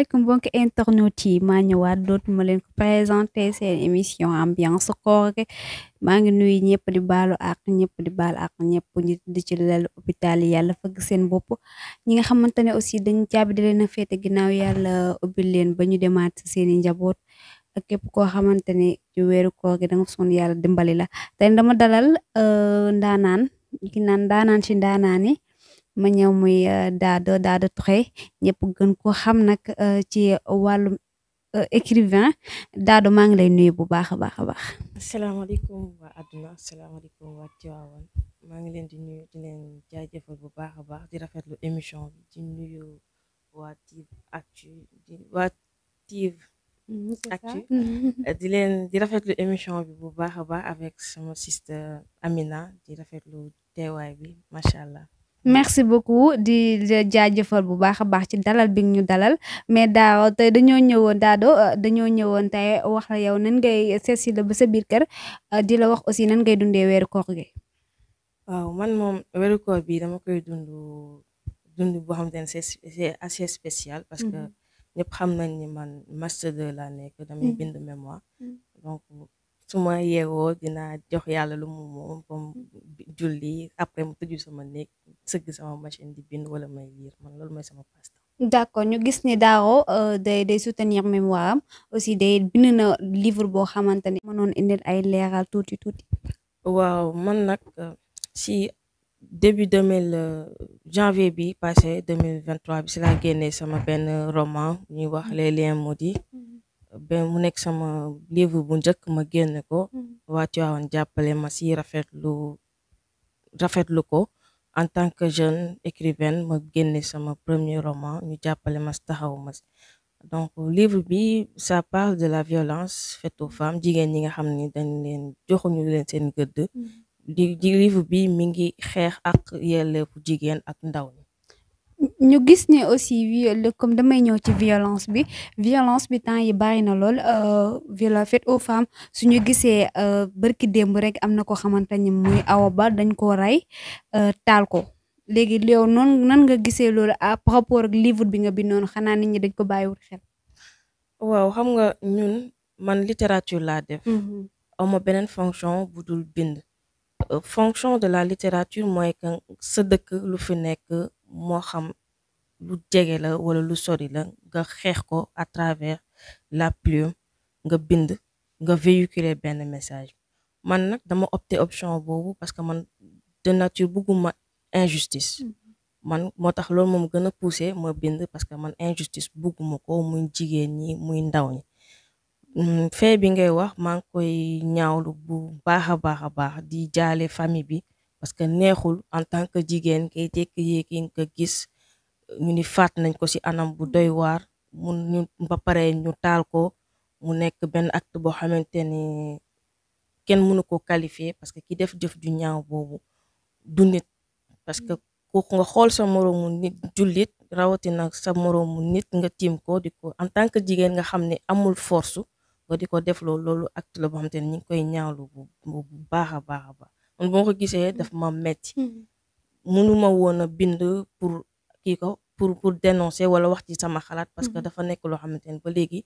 asalaamaaleykum mbokki internet yi maa ñëwaat dootuma leen ko présenté seen émission ambiance koor gi maa ngi nuyu ñëpp di baalu ak ñëpp di baal ak ñëpp ñu di ci lal hôpital yàlla fëgg seen bopp ñi nga xamante ne aussi dañu caabi di leen a féete ginnaaw yàlla ubbil leen ba ñu demaat seeni njaboot ak képp koo xamante ne ci weeru koor da nga sonn yàlla dimbali la te dama dalal euh, ndaanaan ki naan ndaanaan ci ma ñëw muy euh, Dado Dado Touré ñëpp gën ko xam nag euh, ci wàllum euh, écrivain daado maa ngi lay nuyu bu baax a baax a baax. asalaamaaleykum waa àdduna asalaamaaleykum waa Tiwaawan maa ngi leen di nuy di leen jaajëfal bu baax a baax di rafet lu émission bi di nuyu waa Tivactu di waa mm-hmm, actu mm-hmm. di leen di rafetlu émission bi bu baax a baax avec sama sister Amina di rafetlu teewaay bi macha allah. merci beaucoup di jaajëfal bu baax a baax ci dalal bi ñu dalal mais daaw tey dañoo ñëwoon daado euh, dañoo ñëwoon tey wax la yow nan ngay seet si la ba sa biir kër euh, di la wax aussi nan ngay dundee weeru koor gi. waaw man moom weeru koor bi dama koy dund dund boo xamante ne c'est assez spécial. parce que mm-hmm. ñëpp xam nañ ni man master 2 laa nekk damay mm-hmm. bind mémoire mm-hmm. donc. suma yewoo yeewoo jox yàlla lu mu moom comme julli après mu tëju sama néeg sëgg sama machine di bind wala may liir man loolu mooy sama passe d'accord ñu gis ni Daro euh, day day soutenir mémoire am aussi day bind na livre boo xamante ne mënoon indil ay leeral tuuti tuuti waaw man nag euh, si début 2000 euh, janvier bi passé 2023 bi si laa génnee sama benn roman ñuy wax mm-hmm. les liens moodi ba mu nekk sama livre bu njëkk ma génn ko mm-hmm. waa Tiwaawan jàppale ma si rafetlu rafetlu ko en tant que jeune écrivaine ma génne sama premier roman ñu jàppale ma si taxaw ma si donc livre bi ça parle de la violence faite aux femmes jigéen ñi nga xam ni dañ leen joxuñu leen seen gëdd di mm-hmm. livre bi mi ngi xeex ak yelleefu jigéen ak ndaw ñu gis ne aussi comme damay ñëw ci violence bi violence bi temps yi bàyyi na lool euh, violence faite aux femmes suñu gisee euh, bërki démb rek am na ko xamante ni muy Awa Ba dañ ko rey euh, taal ko léegi yow noonu nan nga gisee loolu à par rapport ak livre bi nga bindoon xanaa nit ñi dañ ko bàyyiwul xel. waaw xam nga ñun man littérature la def. Mm-hmm. ama beneen fonction bu dul bind. fonction de la littérature mooy que sa dëkk lu fi nekk. moo xam lu jege la wala lu sori la nga xeex ko à travers la plume nga bind nga véhiculer benn message man nag dama opté option boobu parce que man de nature bëgguma injustice mm-hmm. man moo tax loolu moom gën a poussé ma bind parce que man injustice bëgguma ko muy jigéen ñi muy ndaw ñi mm, fee bi ngay wax maa ngi koy ñaawlu bu baax a baax a baax di jaalee famille bi parce que neexul en tant que jigéen ngay jékki yéegi nga gis euh, ñu ni faat nañ ko ci anam bu doy waar mu ñu ba pare ñu taal ko mu nekk benn acte boo xamante ni kenn mënu ko qualifier parce que ki def jëf ju ñaaw boobu du nit parce que ku nga xool sa moroomu nit jullit rawatina sa moroomu nit nga tiim ko di ko en tant que jigéen nga xam ne amul force nga di ko def loolu loolu acte la boo xamante ni ñu ngi koy ñaawlu bu baax a baax a man boo ko gisee dafa ma metti hmm. mënuma woon a bind pour kii ko pour pour dénoncer wala wax ci sama xalaat parce que hmm. dafa nekk loo xamante ne ba léegi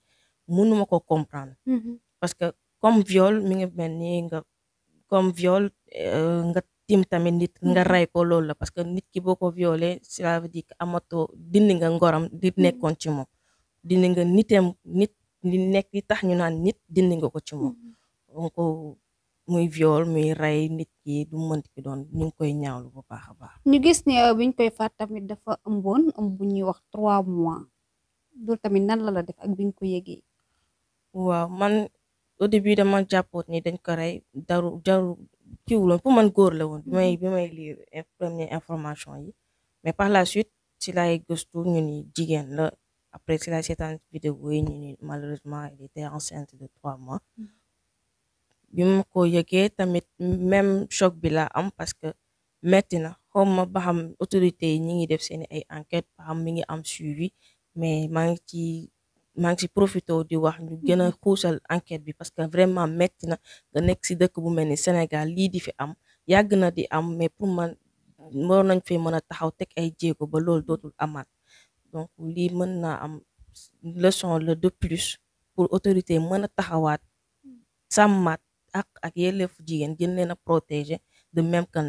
mënuma ko comprendre hmm. parce que comme viol mi ngi mel ni nga comme viol euh, nga tim tamit nit nga rey ko loolu la parce que nit ki boo ko violé cela veut dire que amatoo dindi nga ngoram di nekkoon ci moom dindi nga niteem nit li nekk li tax ñu naan nit dindi nga ko ci moom muy viol muy rey nit ki du mënt ki doon ñu ngi koy ñaawlu bu baax a baax. ñu gis ne uh, biñ koy faat tamit dafa ëmboon ëmb bu ñuy wax trois mois loolu tamit nan la la def ak biñ ko yëgee. waaw man au début dama jàppoot ni dañ ko rey daru jaru kiiwuloon pour man góor la woon bi may mm-hmm. bi may lire première information yi mais par la suite si laay gëstu ñu ni jigéen la après si laay seetaan vidéo yi ñu ni malheureusement elle était enceinte de trois mois. Mm-hmm. bi ma ko yëgee tamit même choc bi laa am parce que metti na xaw ma ba xam autorité yi ñi ngi def seeni ay enquête ba mi ngi am suivi mais maa ngi ci maa ngi ci profité di wax ñu gën a xuusal enquête bi parce que vraiment metti na nga nekk si dëkk bu mel ni Sénégal lii di fi am yàgg na di am mais pour man waroon nañ fee mën a taxaw teg ay jéego ba loolu dootul amaat donc lii mën naa am leçon la de plus pour autorité mën a taxawaat sàmmaat ak ak yelleefu jigéen gën leen a protéger de même que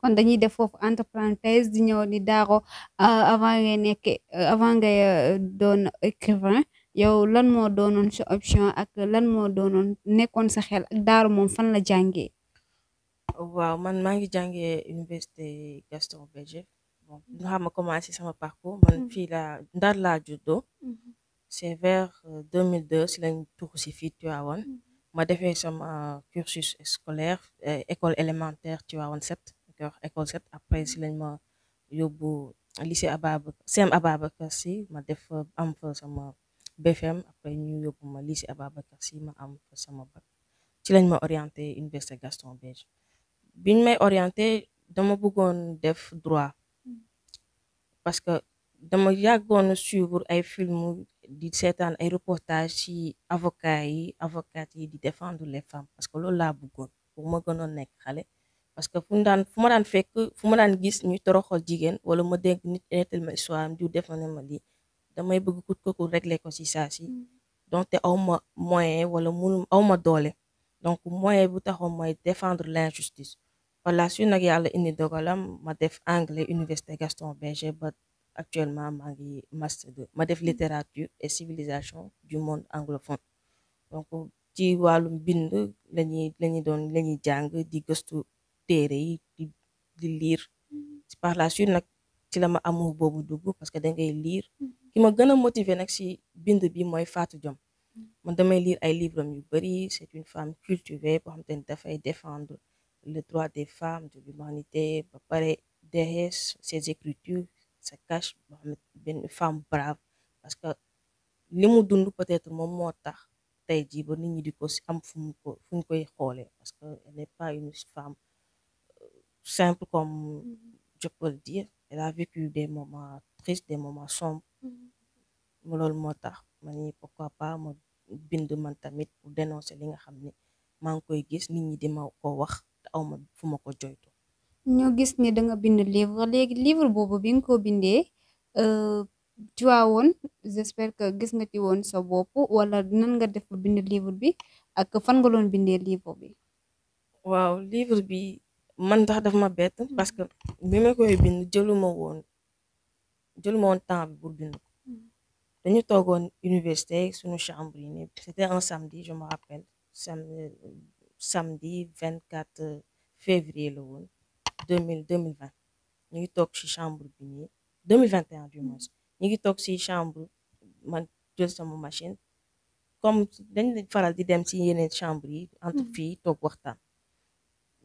kon dañuy def foofu entre parenthèse di ñëw ni Daro euh, avant ngay nekk euh, avant ngay euh, doon écrivain yow lan moo doonoon sa option ak lan moo doonoon nekkoon sa xel ak Daro moom fan la jàngee waaw man maa ngi jàngee université Gaston Berger bon nga xam sama parcours man mm-hmm. fii laa Ndar laa juddoo mm-hmm. c'est vers 2002 si lañ tuxu si fii Tivaouane mm-hmm. ma defee sama euh, cursus scolaire euh, école élémentaire ci waawoon set kor école set après si lañ ma yóbbu lycée Ababacar CEM Ababacar Sy ma def am fa sama BFM après ñu yóbbu ma lycée Ababacar Sy ma am fa sama bac ci lañ ma orienté université Gaston Berger biñ may orienté dama bëggoon def droit hmm. parce que dama yàggoon suivre ay film di seetaan ay reportage ci avocat yi avocat yi di défendre les femmes parce que loolu laa bëggoon pour ma gënoon nekk xale parce que fu daan fu ma daan fekk fu ma daan gis ñuy toroxal jigéen wala ma dégg nit nettal ma histoire am diw def na ma lii damay bëgg kut ko kut régler ko ci saa si mm. donte aw ma moyen wala munu aw ma doole donc moyen bu taxoon mooy défendre l'injustice par la suite nag yàlla indi dogalam ma def anglais université Gaston Berger actuellement maa ngi master 2 ma def mm. littérature et civilisation du monde anglophone donc ci wàllum bind lañuy lañuy doon lañuy jàng di gëstu téere yi di liir lire mm. par la suite nag ci la ma amour boobu dugg parce que da ngay lire mm. ki ma gën a motivé nag si bind bi mooy Fatou Diom man damay liir ay livres yu bëri c'est une femme cultivée boo xam te ne dafay défendre le droit des femmes de l'humanité ba pare derrière ses écritures c'est cash Mohamed benn femme brave parce que li mu dund peut-être moom moo tax tey jii ba nit ñi di ko si am fu mu ko fu koy xoolee parce que elle n'est pas une femme euh, simple comme mm-hmm. je peux le dire a vécu des moments tristes des moments sombres mm-hmm. loolu moo tax ma ni pourquoi pas ma bind man tamit pour dénoncer li nga xam ni maa ngi koy gis nit ñi di ma ko wax te aw ma fu ma ko joytu ñoo gis ni da nga bind livre léegi livre boobu bi nga ko bindee euh, Tiwaawoon j'espère que gis nga ci woon sa bopp wala nan nga def bind livre bi ak fan nga loon bindee livre bi. waaw livre bi man tax daf ma bett parce que bi koy bind jëluma woon jëluma woon temps bi pour bind ko hmm. dañu toogoon université suñu chambre yi ne c'était un samedi je me rappelle sam vingt 24 février la woon. deux mille deux mille vingt ñu ngi toog ci chambre bi nii deux mille vingt et un du ngi toog ci chambre man jël sama machine comme dañ faral di dem ci yeneen chambre yi. entre mm. toog waxtaan.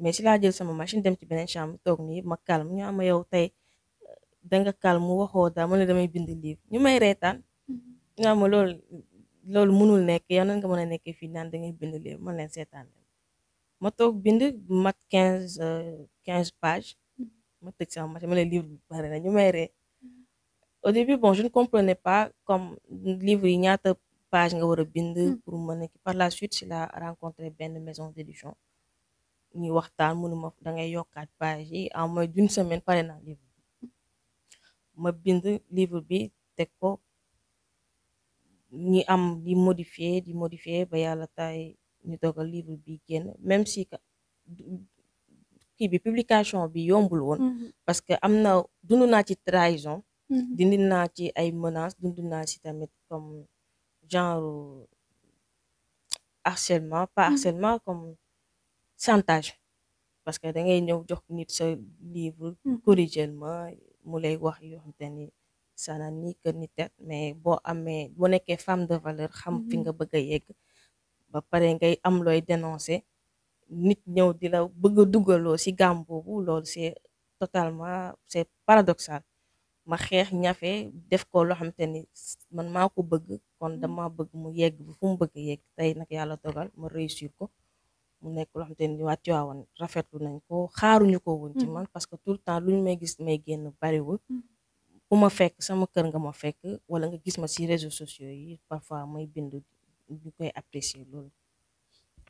mais si laa jël sama machine dem ci beneen chambre toog nii ma calme ñu ama yow tey euh, danga calme mu waxoo daal ma ne damay bind livre ñu may reetaan. ñu mm-hmm. ma loolu loolu mënul nekk yow nan nga mën a nekkee fii naan dangay bind livre ma leen seetaan ma toog bind mat quinze euh, quinze pages. ma tëj sama marché ma ne livre bi bari na ñu may ree au début bon je ne comprenais pas comme livre yi ñaata page nga war a bind. pour mën a par la suite si la rencontré benn maison d'édition ñuy waxtaan mënuma da ngay yokkaat page yi en moins d'une semaine pare naa livre ma bind livre bi teg ko ñi am di modifié di modifier ba yàlla tay ñu dogal livre bi génn même si kii bi publication bi yombul woon mm-hmm. parce que am na dund naa ci trahison mm-hmm. dindi naa ci ay menaces dund naa ci tamit comme genre harcèlement pas mm-hmm. harcèlement comme chantage parce que da ngay ñëw jox nit sa livre corrigel ma mu lay wax yoo xamante ni sana ni que ni tet mais boo amee boo nekkee femme de valeur xam fi nga bëgg a yegg ba pare ngay am looy dénoncer nit ñëw di la bëgg a dugaloo si gàmm boobu loolu c' totalement c' est paradoxal ma xeex ñafe def ko loo xamante ni man maa ko bëgg kon mm. dama bëgg mu yegg bu fu mu bëgg yegg tey nag yàlla dogal ma réussir ko mu nekk loo xamante ni waa Tiwaawan rafetlu nañ ko xaaruñu ko woon ci mm. man parce que tout le temps lu ñu may gis may génn bariwul bu mm. ma fekk sama kër nga ma fekk wala nga gis ma si réseaux sociaux yi parfois may bind ñu koy apprécier loolu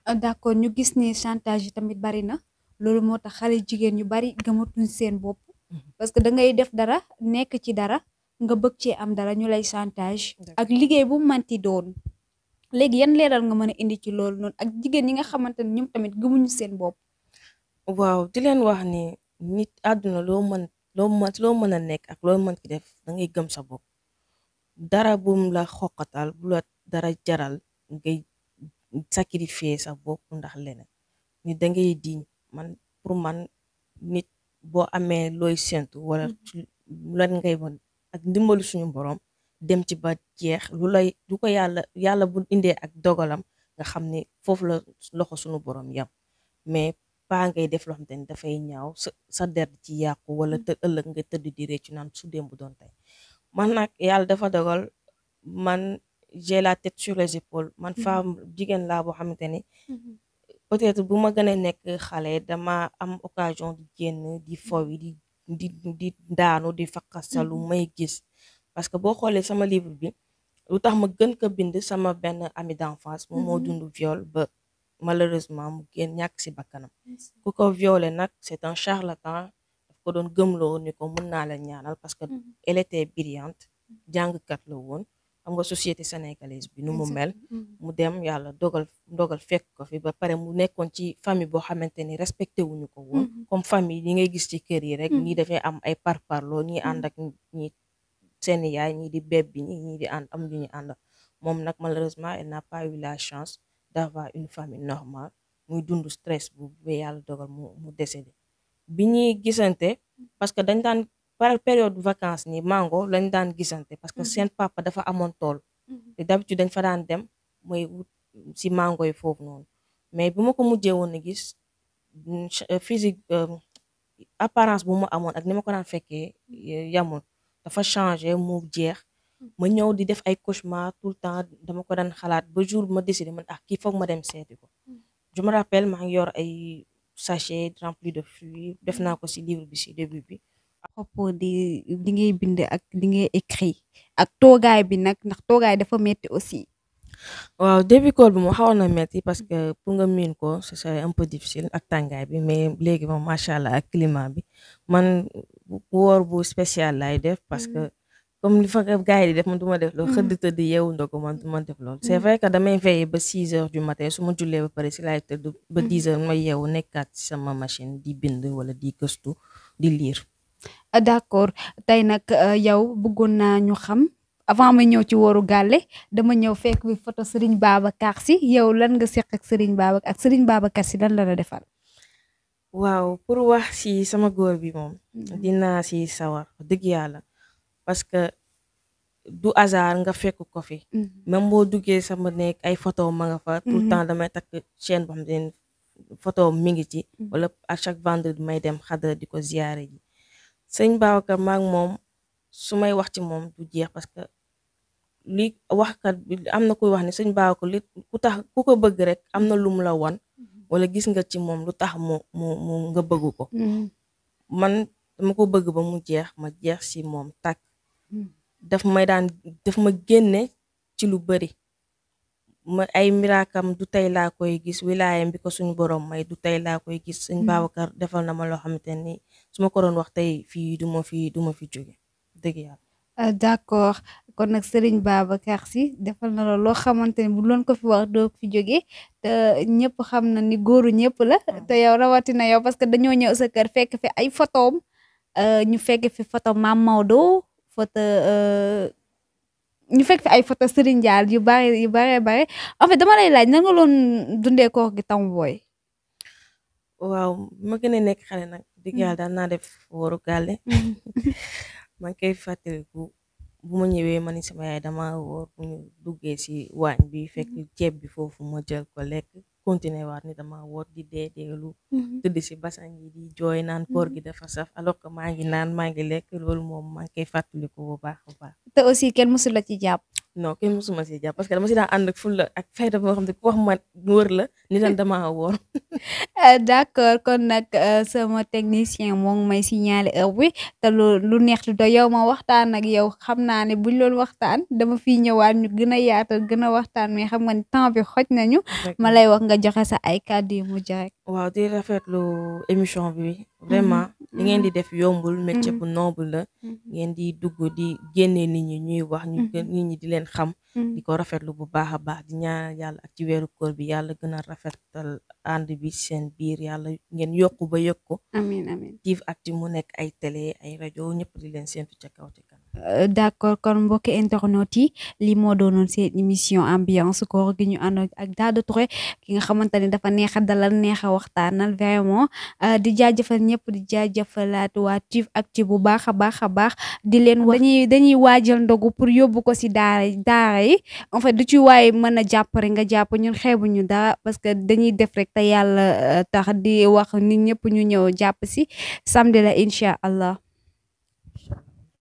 Euh, d'accord ñu gis ni chantage yi tamit bari na loolu moo tax xare jigéen ñu bari gëmatuñ seen bopp mhm. parce que da ngay def dara nekk ci dara nga bëgg cee am dara ñu lay chantage ak liggéey bu manti doon léegi yan leeral nga mën a indi ci loolu noonu ak jigéen ñi nga xamante ne ñoom tamit gëmuñu seen bopp waaw di leen wax ni nit àdduna loo mën loo mën loo mën a nekk ak loo mën ki def da ngay gëm sa bopp dara bum la xoqatal dara jaral sacrifier sax bokku ndax leneen ni da ngay diñ man pour man nit boo amee looy sentu walla mm-hmm. lan ngay bon ak ndimbalu suñu borom dem ci ba jeex lu lay du ko yàlla yàlla bu indee ak dogalam nga xam ni foofu la loxo suñu borom yam mais paa ngay def loo xamante ni dafay ñaaw sa sa der ci yàqu wala mm-hmm. te ëllëg nga tëdd di réccu naan su démb doon tey man nag yàlla dafa dogal man j'ai la tête sur les épaules man mhm. femme jigéen la boo xamante ni mhm. peut-être bu ma gën a nekk xale dama am occasion di génn di mhm. fowi di di di daanu di fakkasalu may gis parce que boo xoolee sama livre bi lu tax ma gën ko bind sama benn ami d'enfance moom moo dund viol ba malheureusement mu génn ñàkk si bakkanam ku ko violé nag c'est un charlatan daf ko doon gëmloo ni ko mën naa la ñaanal parce que élété était brillante jàngkat la woon xam nga société sénégalaise bi nu mu mel mm-hmm. mu dem yàlla dogal dogal fekk ko fi ba pare mu nekkoon ci famille boo xamante ni respecté wuñu ko woon mm-hmm. comme famille yi ngay gis ci kër yi rek ñi mm-hmm. defee am ay parparloo ñi ànd ak ñi seen yaay ñi di bébbi bi ñi di ànd am ñu ñu ànd moom nag malheureusement elle n'a pas eu la chance d'avoir une famille normale muy dund stress bu ba yàlla dogal mu mu décédé bi ñuy gisante parce que dañ daan par période vacances ni mango lañ daan gisante parce que mhm. seen papa dafa amoon tool mhm. te d'habitude dañ fa daan dem mooy si mango yi foog noonu mais bi ma ko mujjee woon a gis mm, euh, physique euh, apparence bu mu amoon ak ni ma ko daan fekkee yamul dafa changé mu jeex mhm. ma ñëw di def ay cauchemar tout le temps dama ko daan xalaat ba jour ma décidé man ah kii foog ma dem seeti ko je me rappelle maa yor ay sachet rempli de fruits def naa ko si livre bi si début bi propos di li ngay bind ak li ngay écrit ak toogaay bi nag ndax toogaay dafa metti aussi. waaw début bi mu xawoon na metti parce que pour nga miin ko ce serait un peu difficile ak tàngaay bi mais léegi moom macha allah ak climat bi man woor bu spécial laay def parce que comme li fa gars yi def man du ma def loolu xëdd tëdd yeewu ndogu man du ma def loolu c'est vrai que damay veiller ba 6 heures du matin su ma jullee ba pare si laay tëdd ba 10 heures ma yeewu nekkaat sama machine di bind wala di gëstu d'accord tey nag euh, yow buggoon naa ñu xam avant ma ñëw ci wooru gàlle dama ñëw fekk bi photo Serigne Babacar Sy yow lan nga seq ak Serigne Babacar ak Serigne Babacar Sy lan la defal. waaw pour wax si sama góor bi moom. Mm-hmm. dinaa si sawar dëgg yàlla parce que du hasard nga fekk ko fi. Mm-hmm. même boo duggee sama nekk ay photo ma nga fa. tout mm-hmm. temps damay takk chaîne boo xam ne photo mi ngi ci. wala à chaque vendredi may dem xadra di ko ziyaare ji. sëñ Babacar maak moom su may wax ci moom du jeex parce que li waxkat am na kuy wax ne sëñ Babacar li ku tax ku ko bëgg rek am na lu mu la won wala gis nga ci moom lu tax mu mu nga bëgg ko mm-hmm. man dama ko bëgg ba mu jeex ma jeex si moom takk mm-hmm. daf may daan daf ma génne ci lu bari ma ay miraakam du tey laa koy gis willaayam bi ko suñu borom may du tey laa koy gis sëñ mm-hmm. Babacar defal na ma loo xamante nii su ma ko doon wax tey fii du fi duma fi jóge dëgg yàlla. Ah, kon nag Serigne Babacar Sy defal na loo xamante ni bu loon ko fi wax fi joge te ñëpp xam na ni góoru ñëpp la. Ah. te yow rawatina yow parce que dañoo ñëw sa kër fekk fi ay photom euh, ñu fekk fi photo maam Maodo photo. Euh, ñu fekk fi ay photo Serigne Dial yu bari yu bari bari en dama lay laaj na loon dundee koor gi tam booy. waaw nekk xale nag dëgg mm. yàlla daan naa def waru gàlle mm. man koy fàttaliku bu ma ñëwee ma ni sama yaay dama woor duggee si waañ bi fekk mm-hmm. ceeb bi foofu ma jël ko lekk continuer waar ni dama woor di deedeelu mhm. tëdd si basan yi di jooy naan koor mhm. gi dafa saf alook que maa ngi naan maa ngi lekk loolu moom maa ngi koy fàttaliku bu baax a baax te aussi kenn mësul la ci jàpp non kenn mësuma si jàpp parce que dama si daan ànd ak fulla ak fayda boo xam ne wax ma wër la ni leen dama woor euh, d'accord kon nag euh, sama technicien moom ngi may signaler heure bi te lu lu neex lu da yow ma waxtaan ak yow xam naa ne buñ lool waxtaan dama fiy ñëwaat ñu gën a yaatal gën a waxtaan mais xam nga ni temps bi xoj nañu nga joxe sa ay kàddu yu mujj rek. waaw di rafetlu émission bi vraiment mhm. li ngeen di mhm. def yombul métier bu mhm. noble la ngeen di dugg di génne nit ñi ñuy wax ñu nit ñi di leen xam di ko rafetlu bu baax a baax di ñaar yàlla ak ci weeru koor bi yàlla gën a rafetal ànd bi seen biir yàlla ngeen yokk ba yokku amiin amiin Tiv Actu mu nekk ay tele ay rajo ñëpp di leen séentu ca kaw ca Euh, d' accord kon mbokki internet yi li moo doonoon seen émission ambiance ko gi ñu ànd ak Daouda Touré ki nga xamante ne dafa neex a dalal neex a waxtaanal vraiment euh, di jaajëfal ñëpp di jaajëfalaat waa Tivactu bu baax a baax a baax di leen wa dañuy dañuy waajal ndogu pour yóbbu ko si daara daara yi en fait ci waaye mën a jàpp rek nga jàpp ñun xeebuñu dara parce que dañuy def rek te yàlla euh, tax di wax nit ñëpp ñu ñëw jàpp si samedi la allah